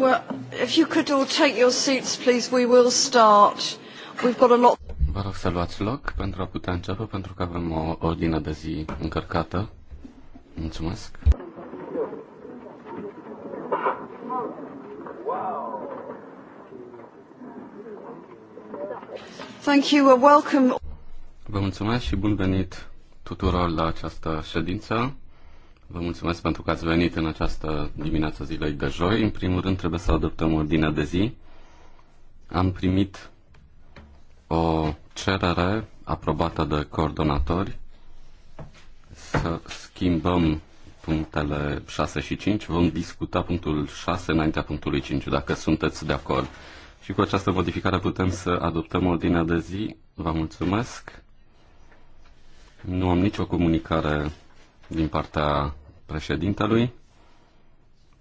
Well, if you could all take your seats, please, we will start. We've got a lot... Vă rog să luați loc pentru a putea începe, pentru că avem o ordine de zi încărcată. Mulțumesc. Thank you, welcome. Vă mulțumesc și bun venit tuturor la această ședință. Vă mulțumesc pentru că ați venit în această dimineață zilei de joi. În primul rând trebuie să adoptăm ordinea de zi. Am primit o cerere aprobată de coordonatori să schimbăm punctele 6 și 5. Vom discuta punctul 6 înaintea punctului 5, dacă sunteți de acord. Și cu această modificare putem să adoptăm ordinea de zi. Vă mulțumesc. Nu am nicio comunicare din partea președintelui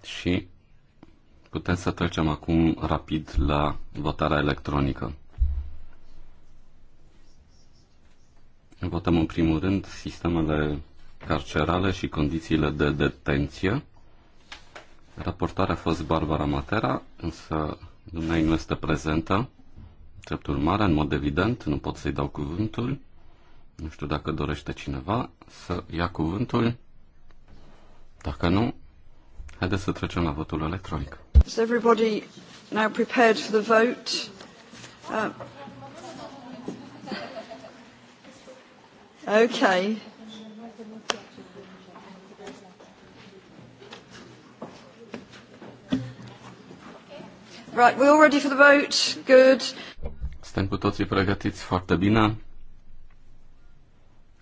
și putem să trecem acum rapid la votarea electronică. Votăm în primul rând sistemele carcerale și condițiile de detenție. Raportarea a fost Barbara Matera, însă dumnei nu este prezentă. Drept urmare, în mod evident, nu pot să-i dau cuvântul. Nu știu dacă dorește cineva să ia cuvântul. Dacă nu, haideți să trecem la votul electronic. Is everybody now prepared for the vote? Uh, okay. Right, we're all ready for the vote. Good. Suntem cu toții pregătiți foarte bine.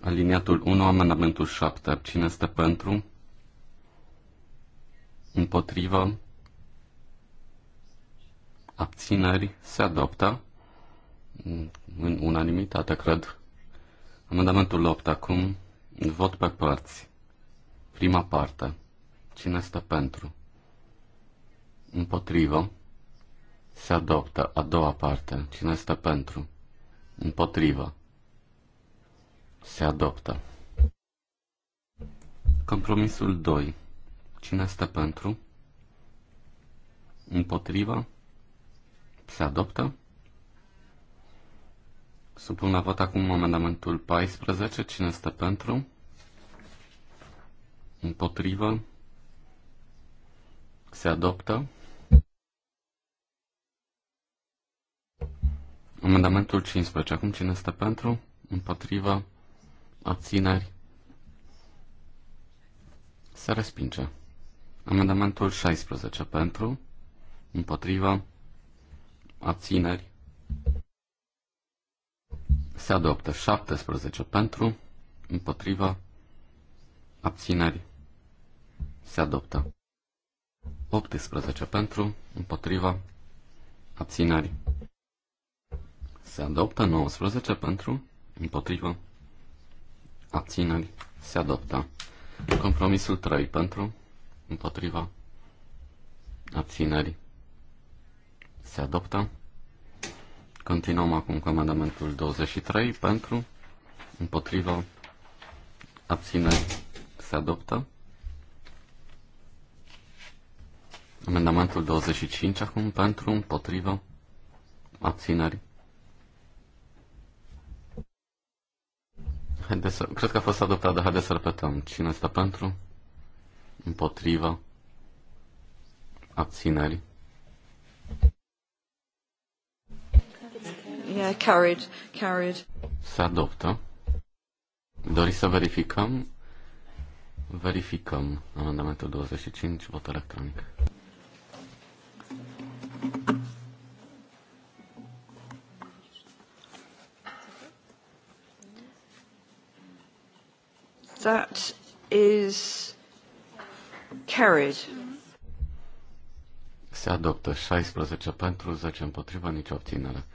Aliniatul 1, amendamentul 7. Cine este pentru? împotrivă, abțineri, se adoptă în unanimitate, cred. Amendamentul 8 acum, vot pe părți. Prima parte. Cine stă pentru? Împotrivă. Se adoptă a doua parte. Cine stă pentru? Împotrivă. Se adoptă. Compromisul 2. Cine este pentru? Împotrivă? Se adoptă? Supun la vot acum amendamentul 14. Cine este pentru? Împotrivă? Se adoptă? Amendamentul 15. Acum cine este pentru? Împotrivă? Abțineri? Se respinge. Amendamentul 16 pentru, împotriva, abțineri, se adoptă 17 pentru, împotriva, abțineri, se adoptă 18 pentru, împotriva, abțineri, se adoptă 19 pentru, împotriva, abțineri, se adoptă. Compromisul 3 pentru, împotriva, abținerii se adoptă. Continuăm acum cu amendamentul 23 pentru, împotriva, abținerii se adoptă. Amendamentul 25 acum pentru, împotriva, abținerii. Haideți să... Cred că a fost adoptat, dar haideți să repetăm. Cine este pentru? împotriva abținerii. Yeah, carried, carried. Se adoptă. Dori să verificăm? Verificăm amendamentul 25, vot electronic. That carried. Se adoptă 16 pentru, 10 împotriva, nicio obținere.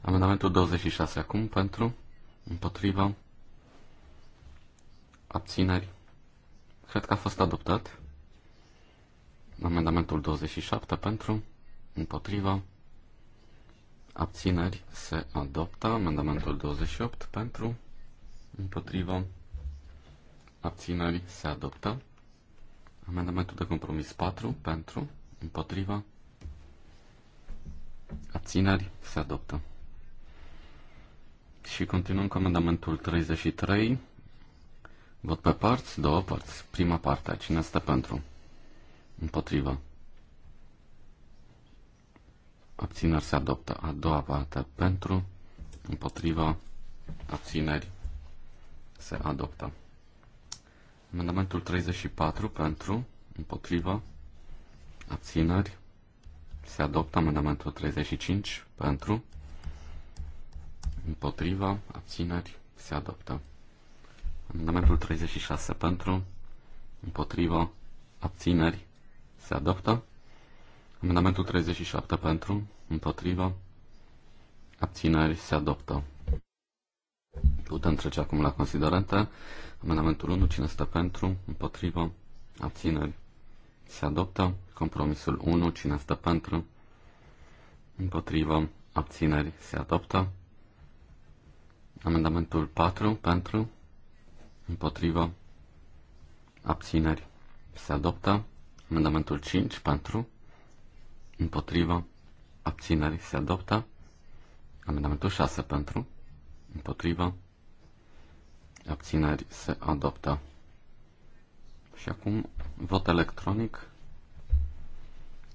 Amendamentul 26 acum pentru, împotriva, abțineri. Cred că a fost adoptat. Amendamentul 27 pentru, împotriva, abțineri se adoptă. Amendamentul 28 pentru, împotriva, abțineri se adoptă. Amendamentul de compromis 4 pentru, împotriva, abțineri, se adoptă. Și continuăm cu amendamentul 33. Vot pe părți două părți. Prima parte, cine este pentru? Împotriva. Abțineri se adoptă. A doua parte, pentru, împotriva, abțineri se adoptă. Amendamentul 34 pentru, împotriva, abțineri. Se adoptă amendamentul 35 pentru, împotriva, abțineri. Se adoptă. Amendamentul 36 pentru, împotriva, abțineri. Se adoptă. Amendamentul 37 pentru, împotriva, abțineri. Se adoptă. Putem trece acum la considerente. Amendamentul 1, cine stă pentru, împotrivă, abțineri, se adoptă. Compromisul 1, cine stă pentru, împotrivă, abțineri, se adoptă. Amendamentul 4, pentru, împotrivă, abțineri, se adoptă. Amendamentul 5, pentru, împotrivă, abțineri, se adoptă. Amendamentul 6, pentru, împotrivă, abțineri se adoptă. Și acum vot electronic,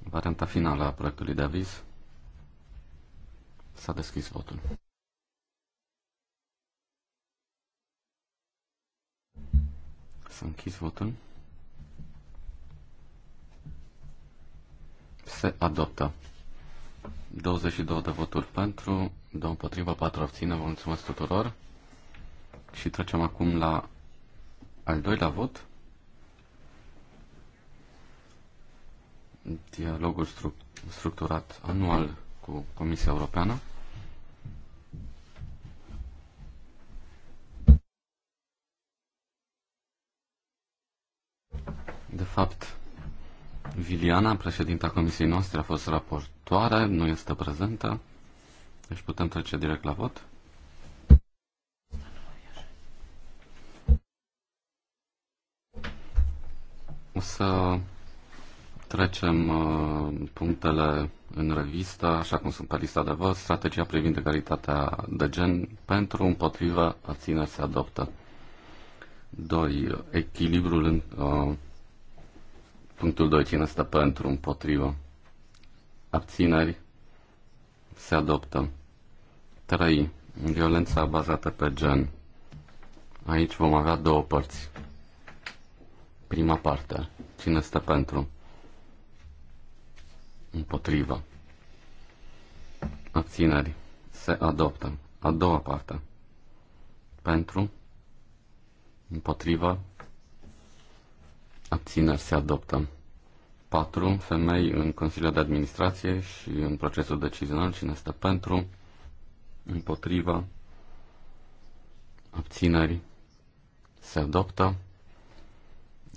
varianta finală a proiectului de aviz. S-a deschis votul. S-a închis votul. Se adoptă. 22 de voturi pentru, 2 împotriva, 4 abține. Vă mulțumesc tuturor. Și trecem acum la al doilea vot. Dialogul stru- structurat anual cu Comisia Europeană. De fapt, Viliana, președinta comisiei noastre, a fost raportoare, nu este prezentă, deci putem trece direct la vot. să trecem uh, punctele în revistă, așa cum sunt pe lista de vot, strategia privind egalitatea de gen pentru, împotriva, abține, se adoptă. 2. Echilibrul în uh, punctul 2. Cine stă pentru, împotrivă? Abțineri se adoptă. 3. Violența bazată pe gen. Aici vom avea două părți prima parte. Cine stă pentru? Împotrivă. Abțineri. Se adoptă. A doua parte. Pentru. Împotrivă. Abțineri se adoptă. 4. Femei în Consiliul de Administrație și în procesul decizional. Cine stă pentru? Împotriva? Abțineri? Se adoptă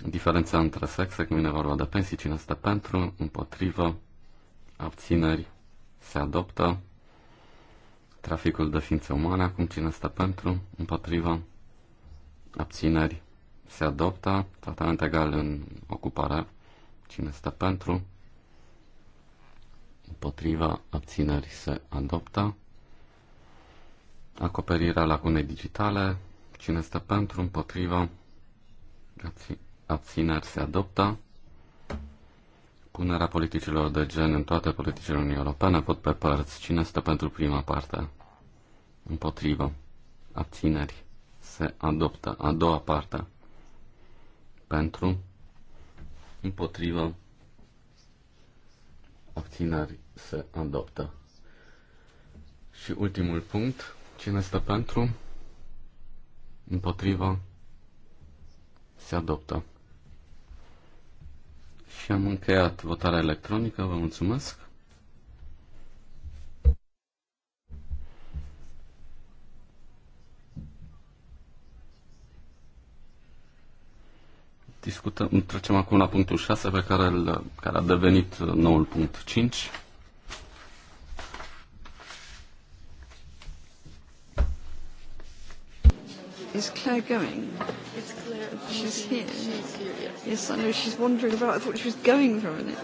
diferența între sexe, când vine vorba de pensii, cine este pentru, împotrivă, abțineri, se adoptă, traficul de ființe umane, acum cine este pentru, împotrivă, abțineri, se adoptă, tratament egal în ocupare, cine este pentru, împotriva abținerii se adoptă, acoperirea lacunei digitale, cine este pentru, împotriva, abțin- abțineri se adoptă. Punerea politicilor de gen în toate politicile Uniunii Europene, pot pe părți. Cine stă pentru prima parte? Împotrivă. Abțineri se adoptă. A doua parte. Pentru. Împotrivă. Abțineri se adoptă. Și ultimul punct. Cine stă pentru? Împotrivă. Se adoptă. Și am încheiat votarea electronică. Vă mulțumesc. Discutăm, trecem acum la punctul 6 pe care, care a devenit noul punct 5. Is Claire going? It's Claire. She's here. She's here, yes. Yes, I know. She's wandering about. I thought she was going for a minute.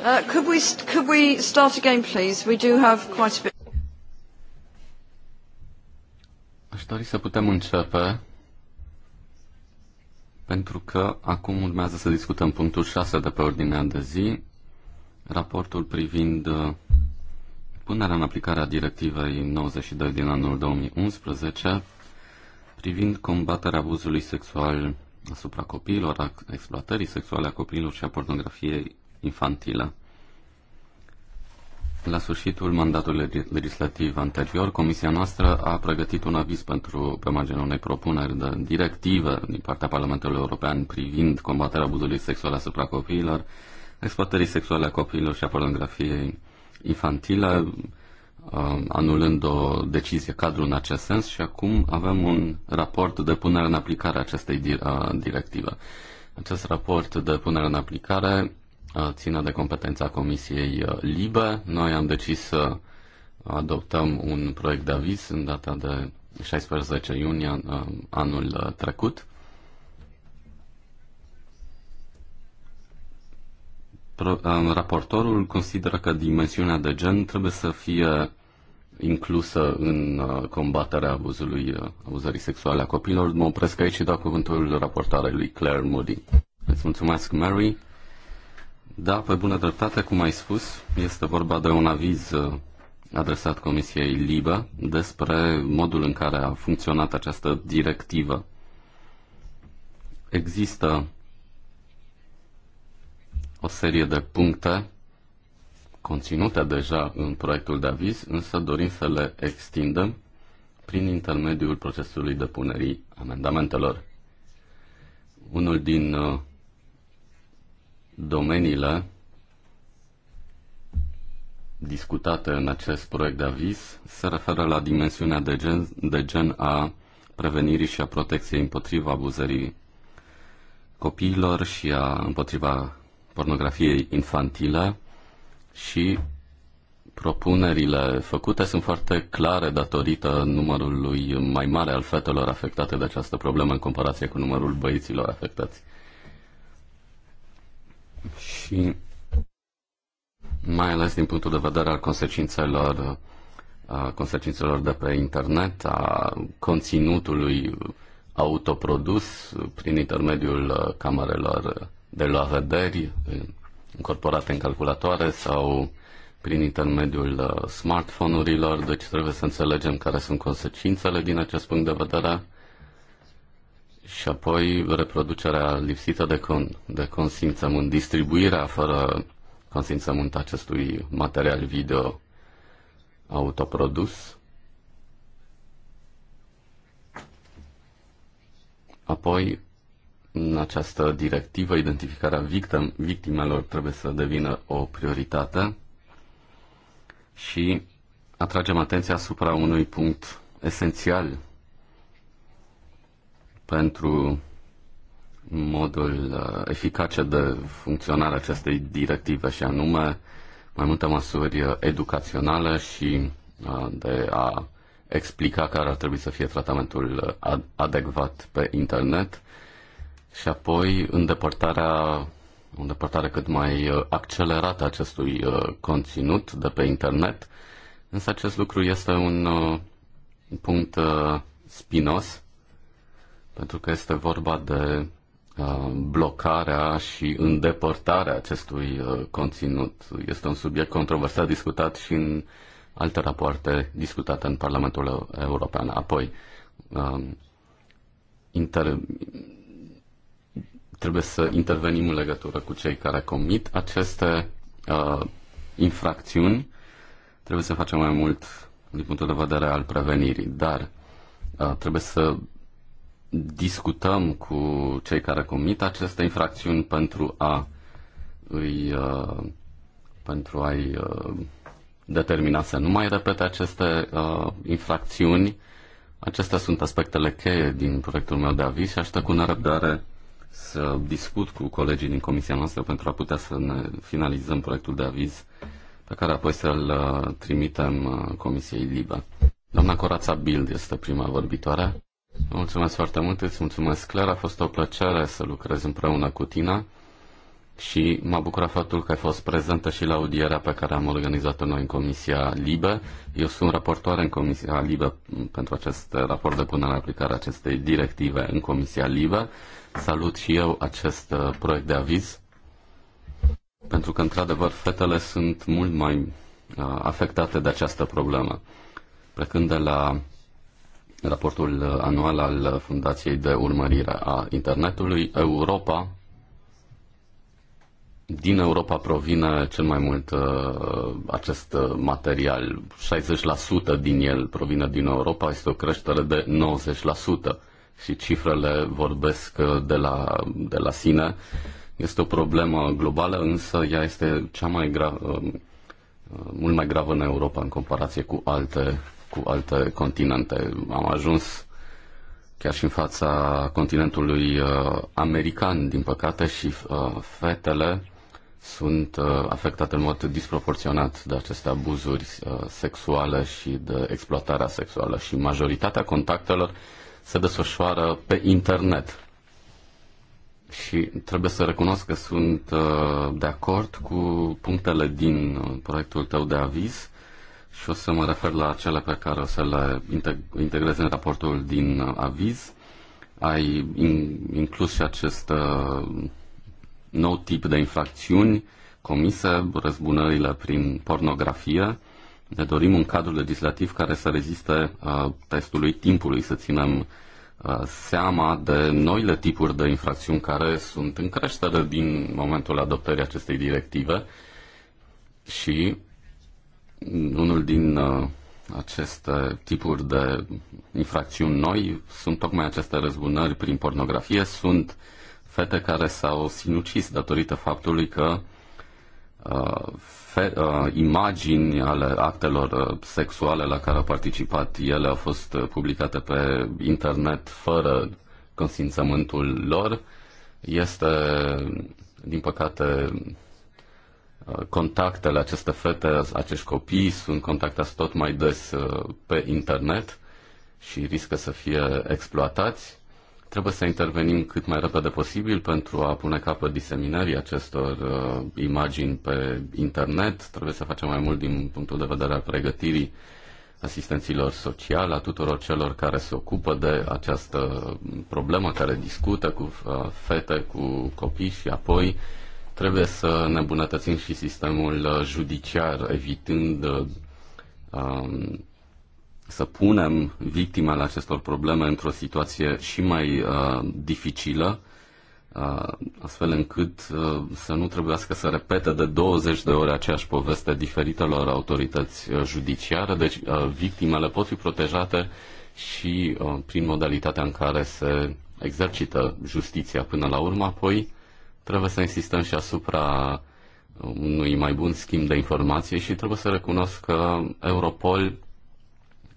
Uh, could we could we start again, please? We do have quite a bit. Aș dori să putem începe, pentru că acum urmează să discutăm punctul 6 de pe ordinea de zi, raportul privind uh, punerea în aplicare a directivei 92 din anul 2011 privind combaterea abuzului sexual asupra copiilor, a exploatării sexuale a copiilor și a pornografiei infantilă. La sfârșitul mandatului legislativ anterior, Comisia noastră a pregătit un aviz pentru, pe marginea unei propuneri de directivă din partea Parlamentului European privind combaterea abuzului sexual asupra copiilor, exploatării sexuale a copiilor și a pornografiei infantile, um, anulând o decizie cadru în acest sens și acum avem un raport de punere în aplicare a acestei directive. Acest raport de punere în aplicare Uh, ține de competența Comisiei uh, Libe. Noi am decis să adoptăm un proiect de aviz în data de 16 iunie uh, anul trecut. Um, raportorul consideră că dimensiunea de gen trebuie să fie inclusă în combaterea abuzului, abuzării sexuale a copilor. Mă opresc aici și dau cuvântul raportarei lui Claire Moody. Îți mulțumesc, Mary. Da, pe bună dreptate, cum ai spus, este vorba de un aviz uh, adresat Comisiei Libă despre modul în care a funcționat această directivă. Există o serie de puncte conținute deja în proiectul de aviz, însă dorim să le extindem prin intermediul procesului depunerii amendamentelor. Unul din uh, domeniile discutate în acest proiect de aviz se referă la dimensiunea de gen, de gen a prevenirii și a protecției împotriva abuzării copiilor și a împotriva pornografiei infantile și propunerile făcute sunt foarte clare datorită numărului mai mare al fetelor afectate de această problemă în comparație cu numărul băieților afectați și mai ales din punctul de vedere al consecințelor, a consecințelor de pe internet, a conținutului autoprodus prin intermediul camerelor de la vederi incorporate în calculatoare sau prin intermediul uh, smartphone-urilor, deci trebuie să înțelegem care sunt consecințele din acest punct de vedere și apoi reproducerea lipsită de, con- de consimțământ, distribuirea fără consimțământ acestui material video autoprodus. Apoi, în această directivă, identificarea victim- victimelor trebuie să devină o prioritate și atragem atenția asupra unui punct esențial pentru modul uh, eficace de funcționare acestei directive și anume mai multe măsuri educaționale și uh, de a explica care ar trebui să fie tratamentul uh, adecvat pe internet și apoi îndepărtarea o îndepărtare cât mai accelerată acestui conținut de pe internet, însă acest lucru este un punct spinos pentru că este vorba de uh, blocarea și îndepărtarea acestui uh, conținut. Este un subiect controversat discutat și în alte rapoarte discutate în Parlamentul European. Apoi, um, inter... trebuie să intervenim în legătură cu cei care comit aceste uh, infracțiuni. Trebuie să facem mai mult din punctul de vedere al prevenirii, dar trebuie să discutăm cu cei care comit aceste infracțiuni pentru a îi uh, pentru a-i uh, determina să nu mai repete aceste uh, infracțiuni. Acestea sunt aspectele cheie din proiectul meu de aviz și aștept cu nerăbdare să discut cu colegii din comisia noastră pentru a putea să ne finalizăm proiectul de aviz pe care apoi să-l trimitem Comisiei Libe. Doamna Corața Bild este prima vorbitoare. Mulțumesc foarte mult, îți mulțumesc, clar. A fost o plăcere să lucrez împreună cu tine și m-a bucurat faptul că ai fost prezentă și la audierea pe care am organizat-o noi în Comisia Libe. Eu sunt raportoare în Comisia Libe pentru acest raport de punere în aplicare acestei directive în Comisia Libe. Salut și eu acest uh, proiect de aviz, pentru că, într-adevăr, fetele sunt mult mai uh, afectate de această problemă. Plecând de la raportul uh, anual al uh, Fundației de Urmărire a Internetului, Europa, din Europa provine cel mai mult uh, acest material. 60% din el provine din Europa, este o creștere de 90% și cifrele vorbesc de la, de la sine. Este o problemă globală, însă ea este cea mai gravă, mult mai gravă în Europa în comparație cu alte cu alte continente. Am ajuns chiar și în fața continentului uh, american, din păcate, și uh, fetele sunt uh, afectate în mod disproporționat de aceste abuzuri uh, sexuale și de exploatarea sexuală și majoritatea contactelor se desfășoară pe internet. Și trebuie să recunosc că sunt uh, de acord cu punctele din uh, proiectul tău de aviz și o să mă refer la cele pe care o să le integrez în raportul din uh, aviz. Ai inclus și acest uh, nou tip de infracțiuni comise, răzbunările prin pornografie. Ne dorim un cadru legislativ care să reziste uh, testului timpului, să ținem seama de noile tipuri de infracțiuni care sunt în creștere din momentul adoptării acestei directive și unul din uh, aceste tipuri de infracțiuni noi sunt tocmai aceste răzbunări prin pornografie, sunt fete care s-au sinucis datorită faptului că uh, fe, uh, imagini ale actelor uh, sexuale la care au participat ele au fost uh, publicate pe internet fără consimțământul lor. Este, din păcate, contactele aceste fete, acești copii sunt contactați tot mai des uh, pe internet și riscă să fie exploatați. Trebuie să intervenim cât mai repede posibil pentru a pune capăt diseminării acestor uh, imagini pe internet. Trebuie să facem mai mult din punctul de vedere al pregătirii asistenților sociale, a tuturor celor care se ocupă de această problemă, care discută cu uh, fete, cu copii și apoi uh, Trebuie să ne îmbunătățim și sistemul uh, judiciar, evitând uh, um, să punem victimele acestor probleme într-o situație și mai uh, dificilă, uh, astfel încât uh, să nu trebuiască să repete de 20 de ori aceeași poveste diferitelor autorități uh, judiciare. Deci uh, victimele pot fi protejate și uh, prin modalitatea în care se exercită justiția până la urmă, apoi Trebuie să insistăm și asupra unui mai bun schimb de informații și trebuie să recunosc că Europol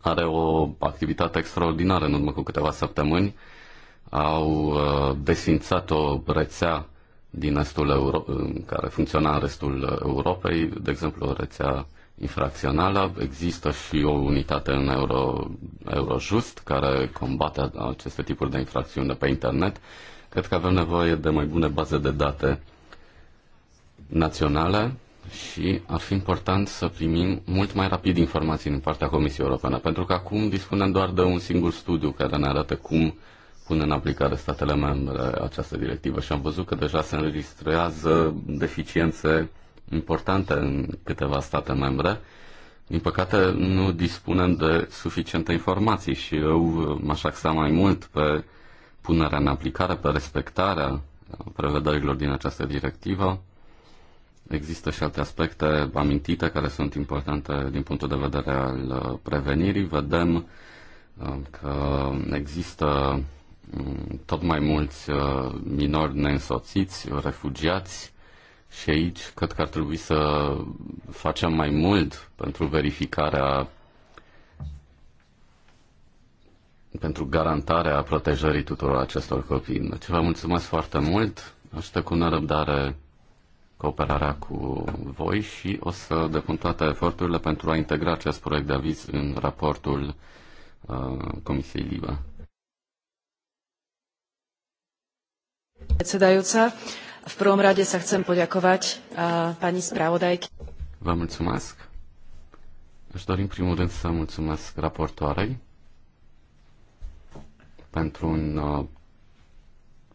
are o activitate extraordinară în urmă cu câteva săptămâni. Au uh, desfințat o rețea din estul Euro- care funcționa în restul Europei, de exemplu o rețea infracțională. Există și o unitate în Euro, Eurojust care combate aceste tipuri de infracțiuni de pe internet Cred că avem nevoie de mai bune baze de date naționale și ar fi important să primim mult mai rapid informații din partea Comisiei Europene, pentru că acum dispunem doar de un singur studiu care ne arată cum pun în aplicare statele membre această directivă și am văzut că deja se înregistrează deficiențe importante în câteva state membre. Din păcate, nu dispunem de suficiente informații și eu m-aș axa mai mult pe punerea în aplicare, pe respectarea uh, prevederilor din această directivă. Există și alte aspecte amintite care sunt importante din punctul de vedere al uh, prevenirii. Vedem uh, că există mm, tot mai mulți minori neînsoțiți, refugiați și aici cred că ar trebui să facem mai mult pentru verificarea pentru garantarea protejării tuturor acestor copii. Deci vă mulțumesc foarte mult, aștept cu nerăbdare cooperarea cu voi și o să depun toate eforturile pentru a integra acest proiect de aviz în raportul uh, Comisiei LIBA. Predsedajúca, v prvom rade sa chcem poďakovať uh, pani spravodajky. Vă mulțumesc. Aș dori în primul rând să mulțumesc raportoarei pentru un uh,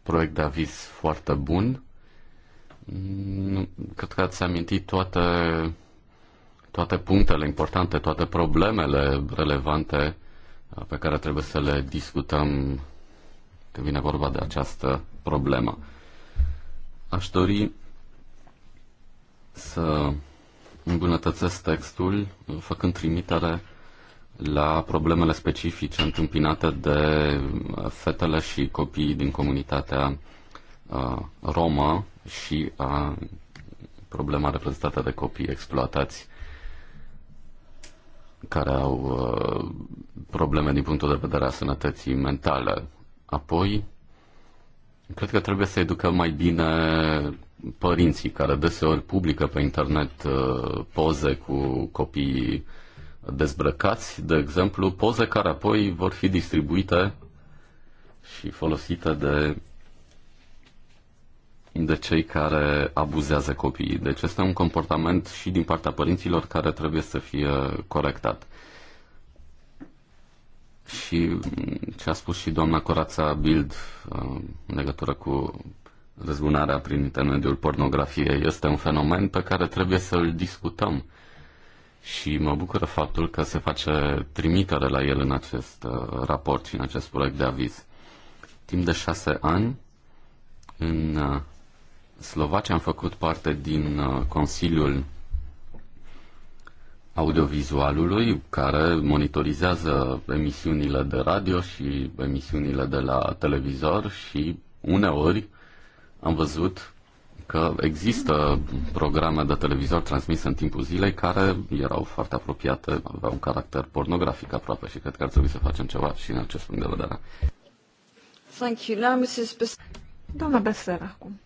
proiect de aviz foarte bun. Cred că ați amintit toate, toate punctele importante, toate problemele relevante uh, pe care trebuie să le discutăm când vine vorba de această problemă. Aș dori să îmbunătățesc textul făcând trimitere la problemele specifice întâmpinate de fetele și copiii din comunitatea uh, romă și a uh, problema reprezentată de copii exploatați care au uh, probleme din punctul de vedere a sănătății mentale. Apoi, cred că trebuie să educăm mai bine părinții care deseori publică pe internet poze cu copiii dezbrăcați, de exemplu, poze care apoi vor fi distribuite și folosite de, de cei care abuzează copiii. Deci este un comportament și din partea părinților care trebuie să fie corectat. Și ce a spus și doamna Corața Bild uh, în legătură cu răzbunarea prin intermediul pornografiei este un fenomen pe care trebuie să-l discutăm și mă bucură faptul că se face trimitere la el în acest uh, raport și în acest proiect de aviz. Timp de șase ani, în uh, Slovacia am făcut parte din uh, Consiliul audiovizualului care monitorizează emisiunile de radio și emisiunile de la televizor și uneori am văzut că există programe de televizor transmise în timpul zilei care erau foarte apropiate, aveau un caracter pornografic aproape și cred că ar trebui să facem ceva și în acest punct de vedere. Thank you. Now, Mrs. Bes- Doamna Besera, acum.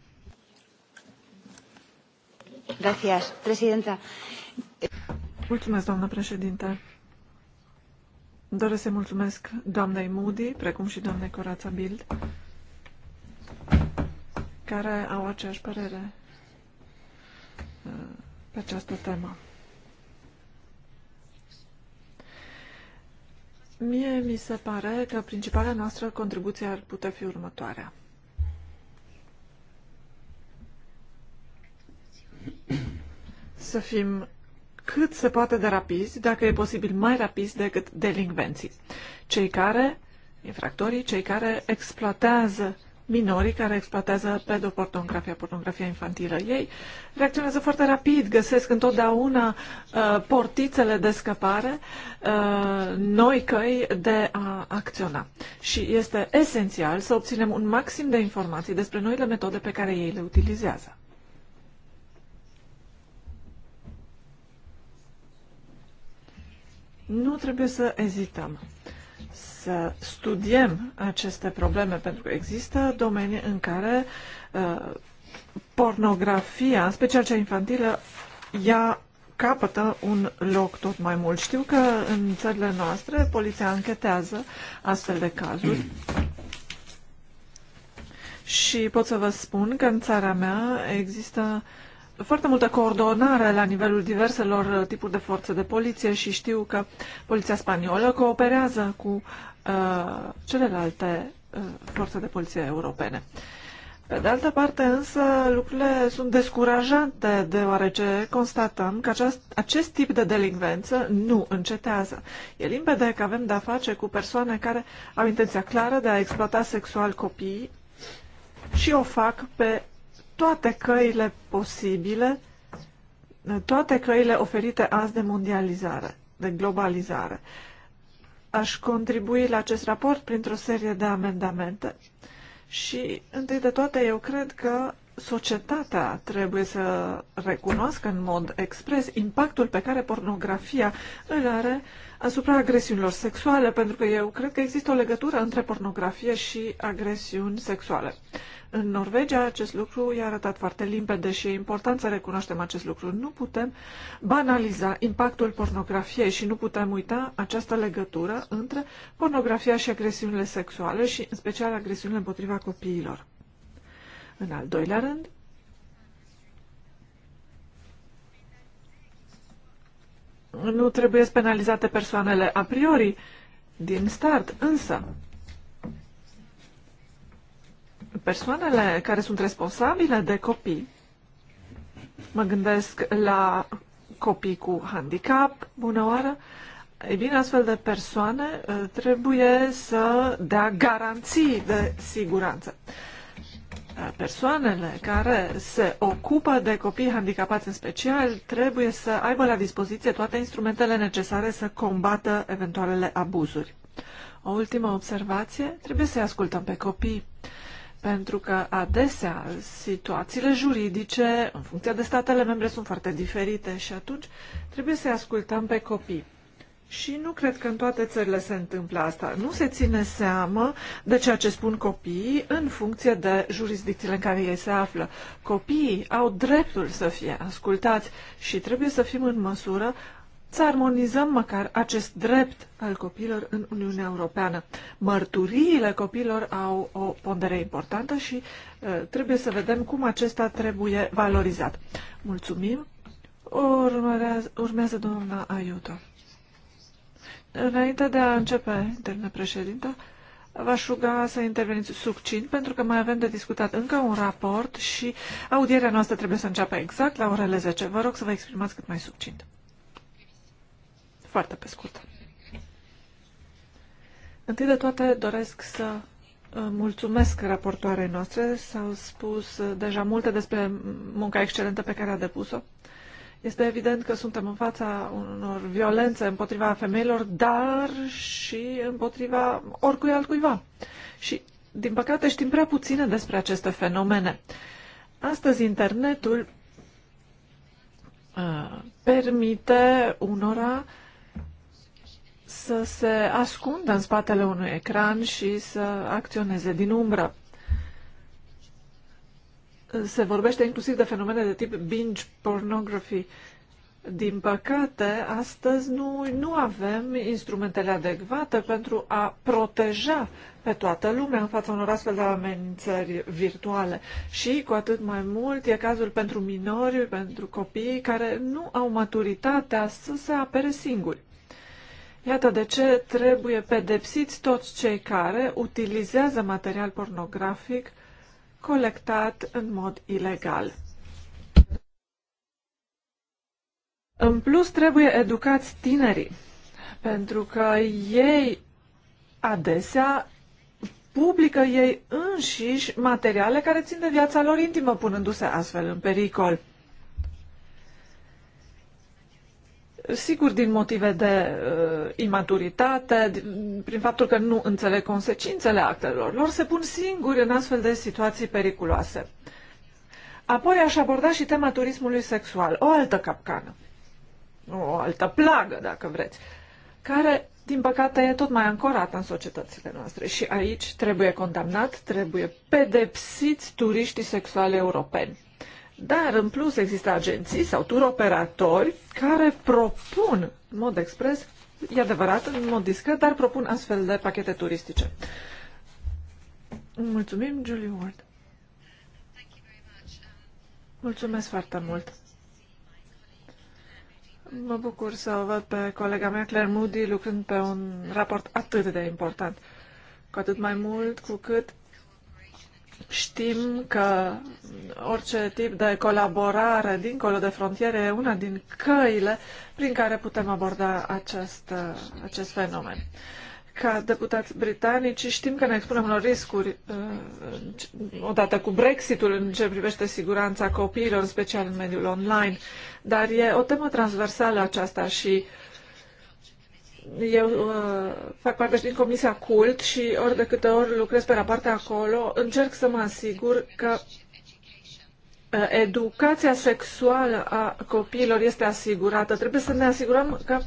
Gracias, presidenta. Mulțumesc, doamna președinte. Doresc să mulțumesc doamnei Moody, precum și doamnei Corața Bild, care au aceeași părere uh, pe această temă. Mie mi se pare că principala noastră contribuție ar putea fi următoarea. Să fim cât se poate de rapizi, dacă e posibil mai rapizi decât delinvenții. Cei care, infractorii, cei care exploatează minorii care exploatează pedopornografia, pornografia infantilă. Ei reacționează foarte rapid, găsesc întotdeauna uh, portițele de scăpare, uh, noi căi de a acționa. Și este esențial să obținem un maxim de informații despre noile metode pe care ei le utilizează. Nu trebuie să ezităm să studiem aceste probleme, pentru că există domenii în care uh, pornografia, în special cea infantilă, ea capătă un loc tot mai mult. Știu că în țările noastre poliția anchetează astfel de cazuri și pot să vă spun că în țara mea există uh, foarte multă coordonare la nivelul diverselor tipuri de forțe de poliție și știu că poliția spaniolă cooperează cu uh, celelalte uh, forțe de poliție europene. Pe de altă parte, însă, lucrurile sunt descurajante, deoarece constatăm că aceast, acest tip de delinvență nu încetează. E limpede că avem de-a face cu persoane care au intenția clară de a exploata sexual copiii și o fac pe toate căile posibile, toate căile oferite azi de mondializare, de globalizare. Aș contribui la acest raport printr-o serie de amendamente și, întâi de toate, eu cred că societatea trebuie să recunoască în mod expres impactul pe care pornografia îl are asupra agresiunilor sexuale, pentru că eu cred că există o legătură între pornografie și agresiuni sexuale. În Norvegia acest lucru i-a arătat foarte limpede și e important să recunoaștem acest lucru. Nu putem banaliza impactul pornografiei și nu putem uita această legătură între pornografia și agresiunile sexuale și în special agresiunile împotriva copiilor. În al doilea rând, nu trebuie penalizate persoanele a priori din start, însă persoanele care sunt responsabile de copii, mă gândesc la copii cu handicap, bună oară, ei bine, astfel de persoane uh, trebuie să dea garanții de siguranță persoanele care se ocupă de copii handicapați în special trebuie să aibă la dispoziție toate instrumentele necesare să combată eventualele abuzuri. O ultimă observație, trebuie să-i ascultăm pe copii, pentru că adesea situațiile juridice, în funcție de statele membre, sunt foarte diferite și atunci trebuie să-i ascultăm pe copii. Și nu cred că în toate țările se întâmplă asta. Nu se ține seamă de ceea ce spun copiii în funcție de jurisdicțiile în care ei se află. Copiii au dreptul să fie ascultați și trebuie să fim în măsură să armonizăm măcar acest drept al copiilor în Uniunea Europeană. Mărturiile copiilor au o pondere importantă și uh, trebuie să vedem cum acesta trebuie valorizat. Mulțumim. Urmează, urmează doamna Aiuto. Înainte de a începe, domnule președinte, v-aș ruga să interveniți succint, pentru că mai avem de discutat încă un raport și audierea noastră trebuie să înceapă exact la orele 10. Vă rog să vă exprimați cât mai succint. Foarte pe scurt. Întâi de toate doresc să uh, mulțumesc raportoarei noastre. S-au spus uh, deja multe despre munca excelentă pe care a depus-o. Este evident că suntem în fața unor violențe împotriva femeilor, dar și împotriva oricui altcuiva. Și, din păcate, știm prea puține despre aceste fenomene. Astăzi, internetul uh, permite unora să se ascundă în spatele unui ecran și să acționeze din umbră se vorbește inclusiv de fenomene de tip binge pornography. Din păcate, astăzi nu, nu avem instrumentele adecvate pentru a proteja pe toată lumea în fața unor astfel de amenințări virtuale. Și cu atât mai mult e cazul pentru minori, pentru copii care nu au maturitatea să se apere singuri. Iată de ce trebuie pedepsiți toți cei care utilizează material pornografic colectat în mod ilegal. În plus, trebuie educați tinerii, pentru că ei adesea publică ei înșiși materiale care țin de viața lor intimă, punându-se astfel în pericol. Sigur, din motive de uh, imaturitate, prin faptul că nu înțeleg consecințele actelor lor, se pun singuri în astfel de situații periculoase. Apoi aș aborda și tema turismului sexual, o altă capcană, o altă plagă, dacă vreți, care, din păcate, e tot mai ancorată în societățile noastre. Și aici trebuie condamnat, trebuie pedepsiți turiștii sexuali europeni dar, în plus, există agenții sau turoperatori care propun, în mod expres, e adevărat, în mod discret, dar propun astfel de pachete turistice. Mulțumim, Julie Ward. Mulțumesc foarte mult. Mă bucur să o văd pe colega mea, Claire Moody, lucrând pe un raport atât de important. Cu atât mai mult cu cât Știm că orice tip de colaborare dincolo de frontiere e una din căile prin care putem aborda acest, acest fenomen. Ca deputați britanici știm că ne expunem la riscuri uh, odată cu Brexitul în ce privește siguranța copiilor, în special în mediul online, dar e o temă transversală aceasta și uh, eu uh, fac parte și din Comisia Cult și ori de câte ori lucrez pe partea acolo, încerc să mă asigur că uh, educația sexuală a copiilor este asigurată. Trebuie să ne asigurăm că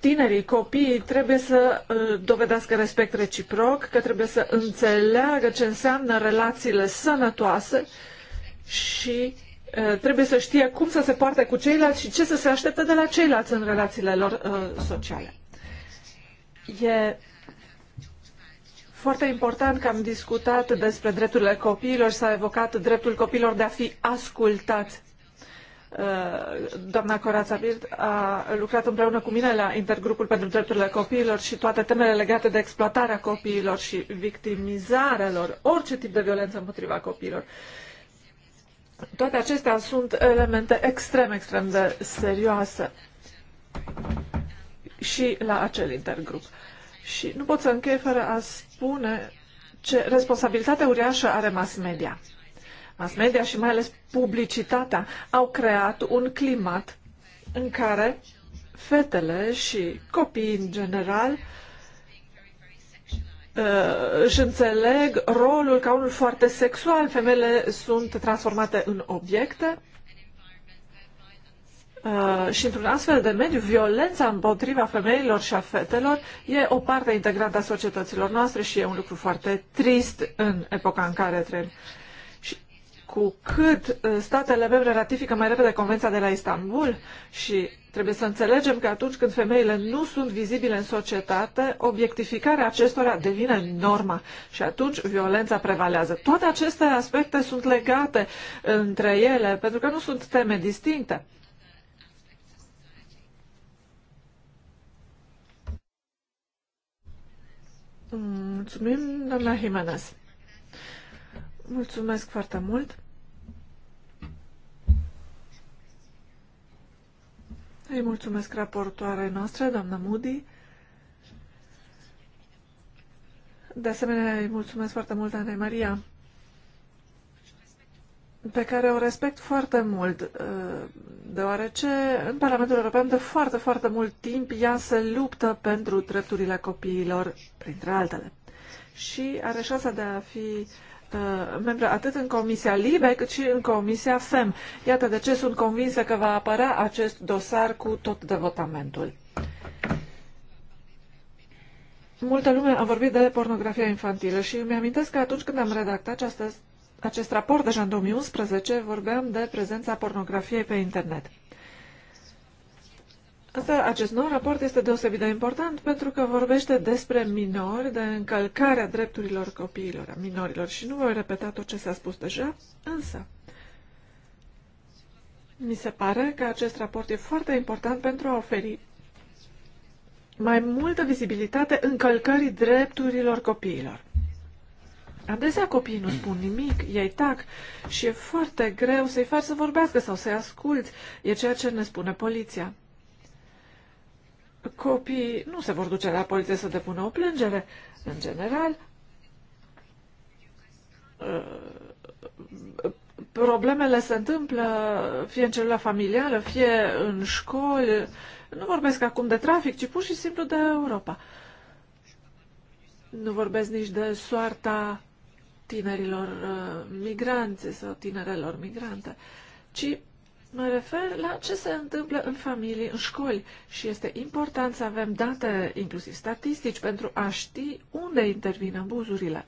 tinerii, copiii trebuie să uh, dovedească respect reciproc, că trebuie să înțeleagă ce înseamnă relațiile sănătoase și Uh, trebuie să știe cum să se poarte cu ceilalți și ce să se aștepte de la ceilalți în relațiile lor uh, sociale. E foarte important că am discutat despre drepturile copiilor și s-a evocat dreptul copiilor de a fi ascultați. Uh, doamna Corața Bird a lucrat împreună cu mine la Intergrupul pentru Drepturile Copiilor și toate temele legate de exploatarea copiilor și victimizarea lor, orice tip de violență împotriva copiilor. Uh, toate acestea sunt elemente extrem, extrem de serioase și la acel intergrup. Și nu pot să închei fără a spune ce responsabilitate uriașă are mass media. Mass media și mai ales publicitatea au creat un climat în care fetele și copiii în general Uh, își înțeleg rolul ca unul foarte sexual. Femeile sunt transformate în obiecte uh, și într-un astfel de mediu, violența împotriva femeilor și a fetelor e o parte integrantă a societăților noastre și e un lucru foarte trist în epoca în care trăim cu cât uh, statele membre ratifică mai repede Convenția de la Istanbul și trebuie să înțelegem că atunci când femeile nu sunt vizibile în societate, obiectificarea acestora devine norma și atunci violența prevalează. Toate aceste aspecte sunt legate uh, între ele pentru că nu sunt teme distincte. Mulțumim, doamna Jimenez. Mulțumesc foarte mult. Îi mulțumesc raportoarei noastre, doamna Moody. De asemenea, îi mulțumesc foarte mult, Ana Maria, pe care o respect foarte mult, uh, deoarece în Parlamentul European de foarte, foarte mult timp ea se luptă pentru drepturile copiilor, printre altele. Și are șansa de a fi uh, Uh, membre atât în Comisia LIBE cât și în Comisia FEM. Iată de ce sunt convinsă că va apărea acest dosar cu tot devotamentul. Multă lume a vorbit de pornografia infantilă și îmi amintesc că atunci când am redactat această, acest raport, deja în 2011, vorbeam de prezența pornografiei pe internet. Asta, acest nou raport este deosebit de important pentru că vorbește despre minori, de încălcarea drepturilor copiilor, a minorilor și nu voi repeta tot ce s-a spus deja, însă mi se pare că acest raport e foarte important pentru a oferi mai multă vizibilitate încălcării drepturilor copiilor. Adesea copiii nu spun nimic, ei tac și e foarte greu să-i faci să vorbească sau să-i asculți, e ceea ce ne spune poliția copiii nu se vor duce la poliție să depună o plângere. În general, uh, problemele se întâmplă fie în celula familială, fie în școli. Nu vorbesc acum de trafic, ci pur și simplu de Europa. Nu vorbesc nici de soarta tinerilor uh, migranți sau tinerelor migrante, ci Mă refer la ce se întâmplă în familii, în școli și este important să avem date, inclusiv statistici, pentru a ști unde intervin abuzurile.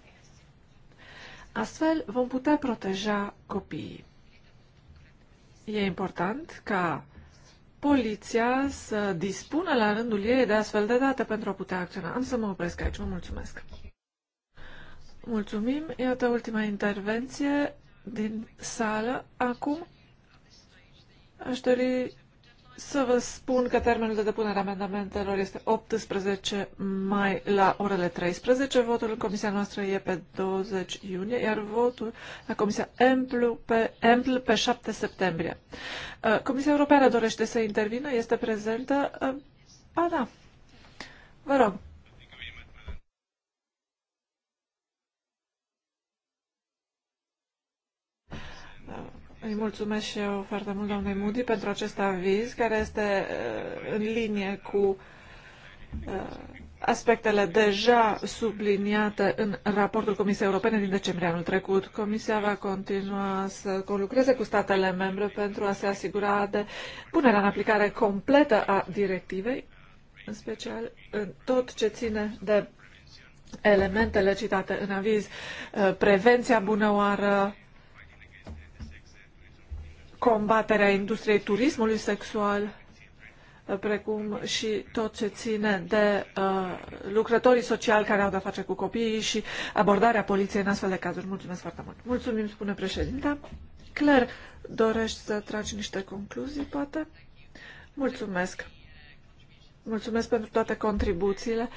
Astfel vom putea proteja copiii. E important ca poliția să dispună la rândul ei de astfel de date pentru a putea acționa. Am să mă opresc aici. Vă mulțumesc. Mulțumim. Iată ultima intervenție din sală. Acum Aș dori să vă spun că termenul de depunere a amendamentelor este 18 mai la orele 13. Votul în comisia noastră e pe 20 iunie, iar votul la comisia Emplu pe, Empl pe 7 septembrie. Uh, comisia Europeană dorește să intervină? Este prezentă? Uh, a, da. Vă rog. Îi mulțumesc și eu foarte mult, doamnei Moody, pentru acest aviz, care este uh, în linie cu uh, aspectele deja subliniate în raportul Comisiei Europene din decembrie anul trecut. Comisia va continua să conlucreze cu statele membre pentru a se asigura de punerea în aplicare completă a directivei, în special în tot ce ține de elementele citate în aviz, uh, prevenția bunăoară, combaterea industriei turismului sexual, uh, precum și tot ce ține de uh, lucrătorii sociali care au de-a face cu copiii și abordarea poliției în astfel de cazuri. Mulțumesc foarte mult. Mulțumim, spune președinta. Claire, dorești să tragi niște concluzii, poate? Mulțumesc. Mulțumesc pentru toate contribuțiile.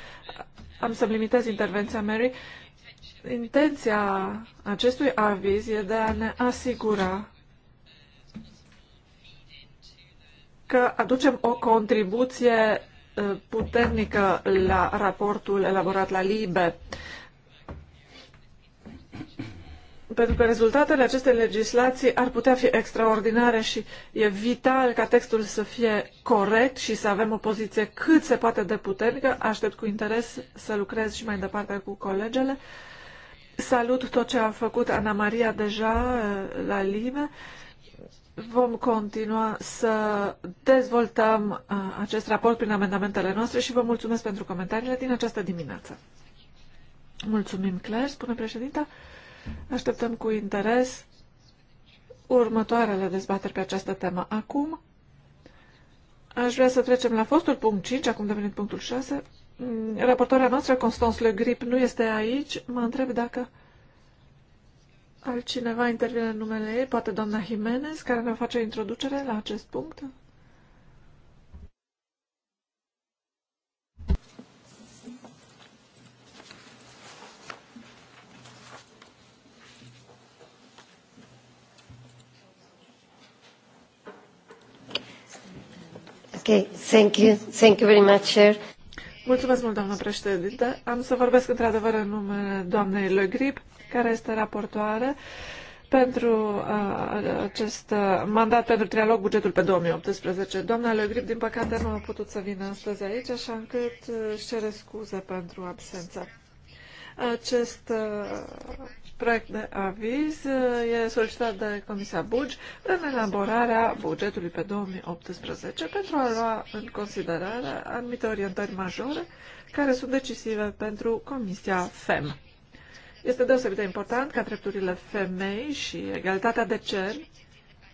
Am să-mi limitez intervenția Mary. Intenția acestui aviz e de a ne asigura că aducem o contribuție uh, puternică la raportul elaborat la LIBE. Pentru că rezultatele acestei legislații ar putea fi extraordinare și e vital ca textul să fie corect și să avem o poziție cât se poate de puternică. Aștept cu interes să lucrez și mai departe cu colegele. Salut tot ce a făcut Ana Maria deja uh, la LIBE vom continua să dezvoltăm uh, acest raport prin amendamentele noastre și vă mulțumesc pentru comentariile din această dimineață. Mulțumim, Claire, spune președinta. Așteptăm cu interes următoarele dezbateri pe această temă. Acum aș vrea să trecem la fostul punct 5, acum devenit punctul 6. Mm, raportoarea noastră, Constance Le Grip, nu este aici. Mă întreb dacă Altcineva intervine în numele ei, poate doamna Jimenez, care ne face introducere la acest punct? Okay, thank you. Thank you very much, Chair. Mulțumesc mult, doamnă președinte. Am să vorbesc într-adevăr în numele doamnei Le Grip care este raportoare pentru uh, acest uh, mandat pentru trialog bugetul pe 2018. Doamna Legrip, din păcate, nu a putut să vină astăzi aici, așa încât uh, își cere scuze pentru absența. Acest uh, proiect de aviz uh, e solicitat de Comisia Bugi în elaborarea bugetului pe 2018 pentru a lua în considerare anumite orientări majore care sunt decisive pentru Comisia FEM. Este deosebit de important ca drepturile femei și egalitatea de gen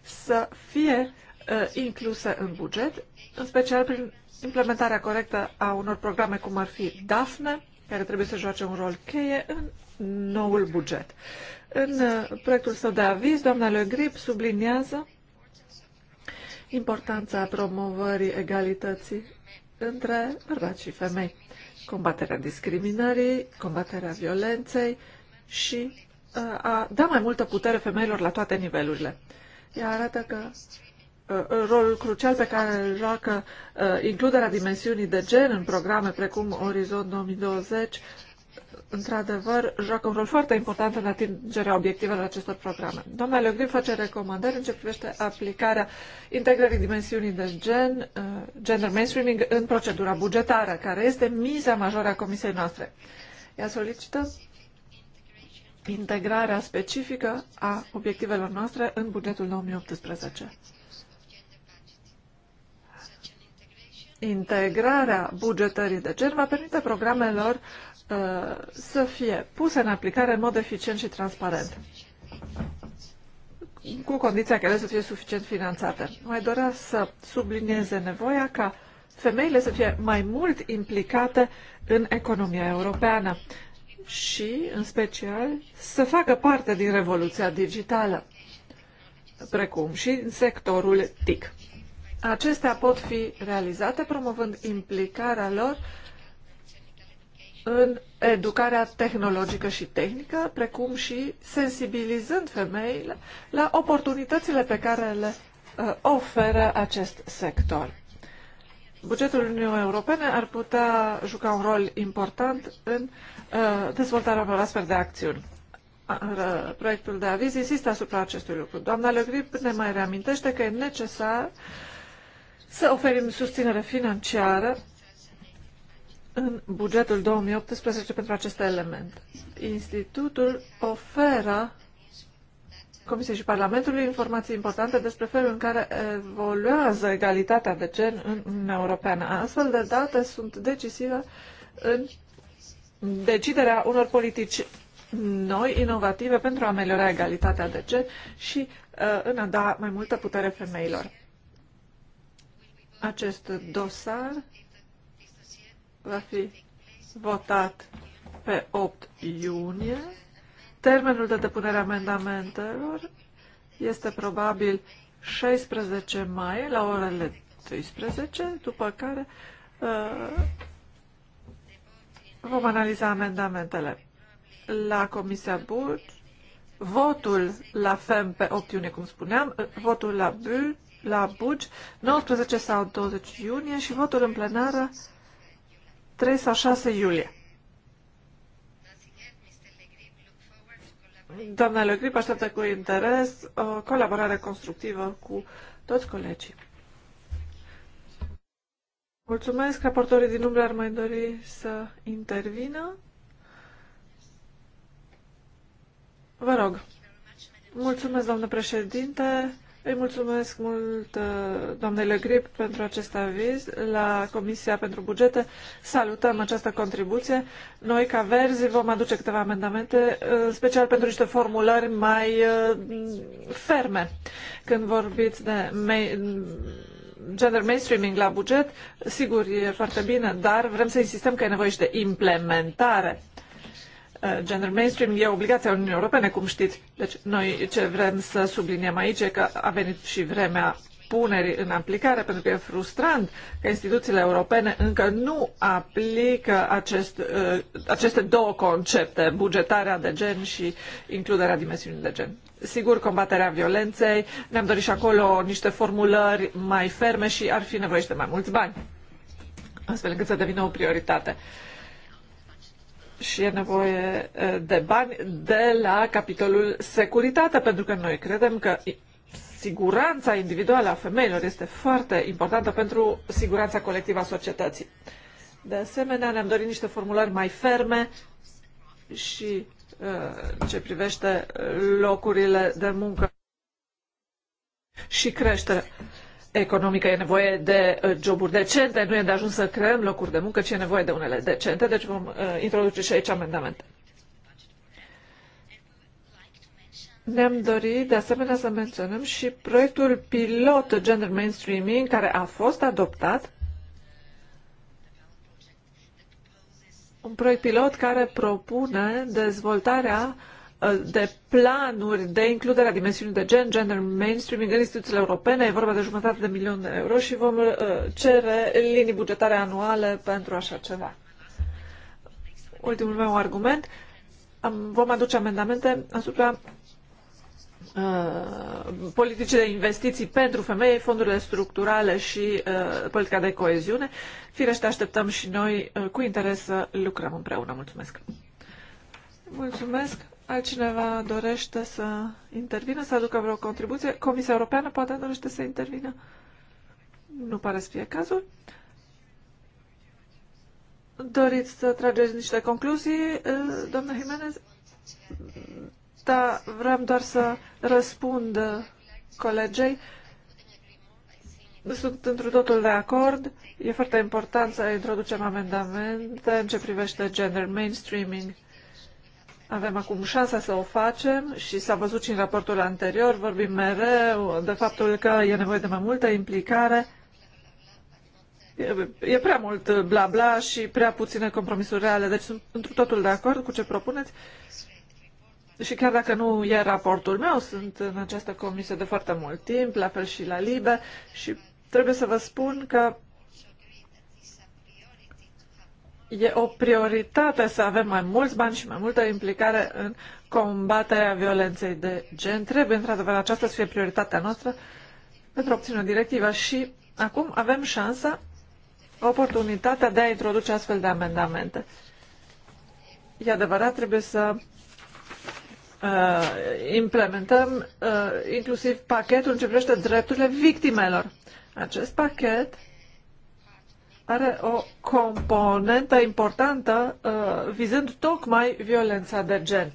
să fie uh, incluse în buget, în special prin implementarea corectă a unor programe cum ar fi DAFNE, care trebuie să joace un rol cheie în noul buget. În uh, proiectul său de aviz, doamna Le Grip subliniază importanța promovării egalității între bărbați și femei, combaterea discriminării, combaterea violenței, și uh, a da mai multă putere femeilor la toate nivelurile. Ea arată că uh, rolul crucial pe care îl joacă uh, includerea dimensiunii de gen în programe precum Orizont 2020, într-adevăr, joacă un rol foarte important în atingerea obiectivelor acestor programe. Doamna Leogrin face recomandări în ce privește aplicarea integrării dimensiunii de gen, gender mainstreaming, în procedura bugetară, care este miza majoră a comisiei noastre. Ea solicită integrarea specifică a obiectivelor noastre în bugetul 2018. Integrarea bugetării de gen va permite programelor uh, să fie puse în aplicare în mod eficient și transparent, cu condiția că ele să fie suficient finanțate. Mai dorea să sublinieze nevoia ca femeile să fie mai mult implicate în economia europeană și, în special, să facă parte din revoluția digitală, precum și în sectorul TIC. Acestea pot fi realizate promovând implicarea lor în educarea tehnologică și tehnică, precum și sensibilizând femeile la oportunitățile pe care le uh, oferă acest sector. Bugetul Uniunii Europene ar putea juca un rol important în uh, Uh, dezvoltarea unor astfel de acțiuni. Uh, proiectul de aviz insistă asupra acestui lucru. Doamna Legrip ne mai reamintește că e necesar să oferim susținere financiară în bugetul 2018 pentru acest element. Institutul oferă Comisiei și Parlamentului informații importante despre felul în care evoluează egalitatea de gen în Uniunea Europeană. Astfel de date sunt decisive în deciderea unor politici noi, inovative, pentru a ameliora egalitatea de gen și uh, în a da mai multă putere femeilor. Acest dosar va fi votat pe 8 iunie. Termenul de depunere a amendamentelor este probabil 16 mai la orele 13, după care uh, Vom analiza amendamentele. La Comisia Bud, votul la FEM pe 8 iunie, cum spuneam, votul la Bur, la Bugi, 19 sau 20 iunie și votul în plenară 3 sau 6 iulie. Doamna Legrip așteaptă cu interes o colaborare constructivă cu toți colegii. Mulțumesc. Raportorii din umbră ar mai dori să intervină. Vă rog. Mulțumesc, doamnă președinte. Îi mulțumesc mult uh, doamnei Grip pentru acest aviz la Comisia pentru Bugete. Salutăm această contribuție. Noi, ca verzi, vom aduce câteva amendamente, în special pentru niște formulări mai uh, ferme. Când vorbiți de gender mainstreaming la buget, sigur, e foarte bine, dar vrem să insistăm că e nevoie și de implementare. Uh, gender mainstream e obligația Uniunii Europene, cum știți. Deci noi ce vrem să subliniem aici e că a venit și vremea punerii în aplicare, pentru că e frustrant că instituțiile europene încă nu aplică acest, uh, aceste două concepte, bugetarea de gen și includerea dimensiunii de gen. Sigur, combaterea violenței, ne-am dorit și acolo niște formulări mai ferme și ar fi nevoie de mai mulți bani, astfel încât să devină o prioritate și e nevoie uh, de bani de la capitolul securitate, pentru că noi credem că siguranța individuală a femeilor este foarte importantă pentru siguranța colectivă a societății. De asemenea, ne-am dorit niște formulări mai ferme și uh, ce privește uh, locurile de muncă și creștere economică. E nevoie de uh, joburi decente, nu e de ajuns să creăm locuri de muncă, ci e nevoie de unele decente, deci vom introduce și aici amendamente. Ne-am dorit de asemenea să menționăm și proiectul pilot Gender Mainstreaming care a fost adoptat. Un proiect pilot care propune dezvoltarea ă, de planuri de includere a dimensiunii de gen, gender mainstreaming în instituțiile europene. E vorba de jumătate de milion de euro și vom ă, cere linii bugetare anuale pentru așa ceva. Ultimul meu argument. vom aduce amendamente asupra Uh, politici de investiții pentru femei, fondurile structurale și uh, politica de coeziune. Firește, așteptăm și noi uh, cu interes să lucrăm împreună. Mulțumesc! Mulțumesc! Altcineva dorește să intervină, să aducă vreo contribuție? Comisia Europeană poate dorește să intervină? Nu pare să fie cazul. Doriți să trageți niște concluzii, uh, domnule Jimenez? asta vreau doar să răspund colegei. Sunt într totul de acord. E foarte important să introducem amendamente în ce privește gender mainstreaming. Avem acum șansa să o facem și s-a văzut și în raportul anterior, vorbim mereu de faptul că e nevoie de mai multă implicare. E, e prea mult bla bla și prea puține compromisuri reale, deci sunt într totul de acord cu ce propuneți și chiar dacă nu e raportul meu, sunt în această comisie de foarte mult timp, la fel și la LIBE și trebuie să vă spun că e o prioritate să avem mai mulți bani și mai multă implicare în combaterea violenței de gen. Trebuie, într-adevăr, aceasta să fie prioritatea noastră pentru a obține directivă și acum avem șansa, oportunitatea de a introduce astfel de amendamente. E adevărat, trebuie să Uh, implementăm uh, inclusiv pachetul ce privește drepturile victimelor. Acest pachet are o componentă importantă uh, vizând tocmai violența de gen.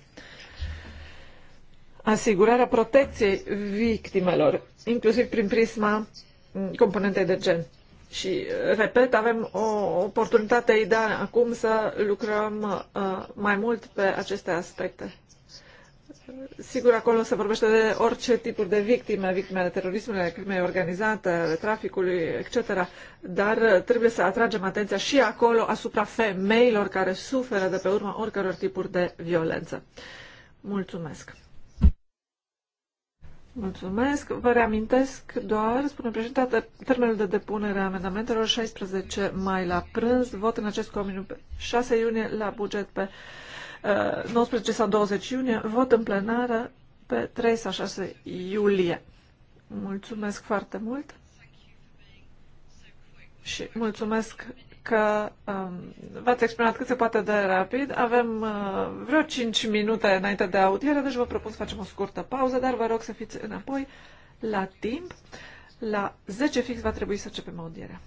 Asigurarea protecției victimelor, inclusiv prin prisma componentei de gen. Și, repet, avem o oportunitate ideală acum să lucrăm uh, mai mult pe aceste aspecte. Sigur, acolo se vorbește de orice tipuri de victime, victime ale terorismului, ale crimei organizate, ale traficului, etc. Dar uh, trebuie să atragem atenția și acolo asupra femeilor care suferă de pe urma oricăror tipuri de violență. Mulțumesc! Mulțumesc. Vă reamintesc doar, spune președinta, termenul de depunere a amendamentelor 16 mai la prânz, vot în acest comun 6 iunie la buget pe 19 uh, sau 20 iunie, vot în plenară pe 3 sau 6 iulie. Mulțumesc foarte mult și mulțumesc că um, v-ați exprimat cât se poate de rapid. Avem uh, vreo 5 minute înainte de audiere, deci vă propun să facem o scurtă pauză, dar vă rog să fiți înapoi la timp. La 10 fix va trebui să începem audierea.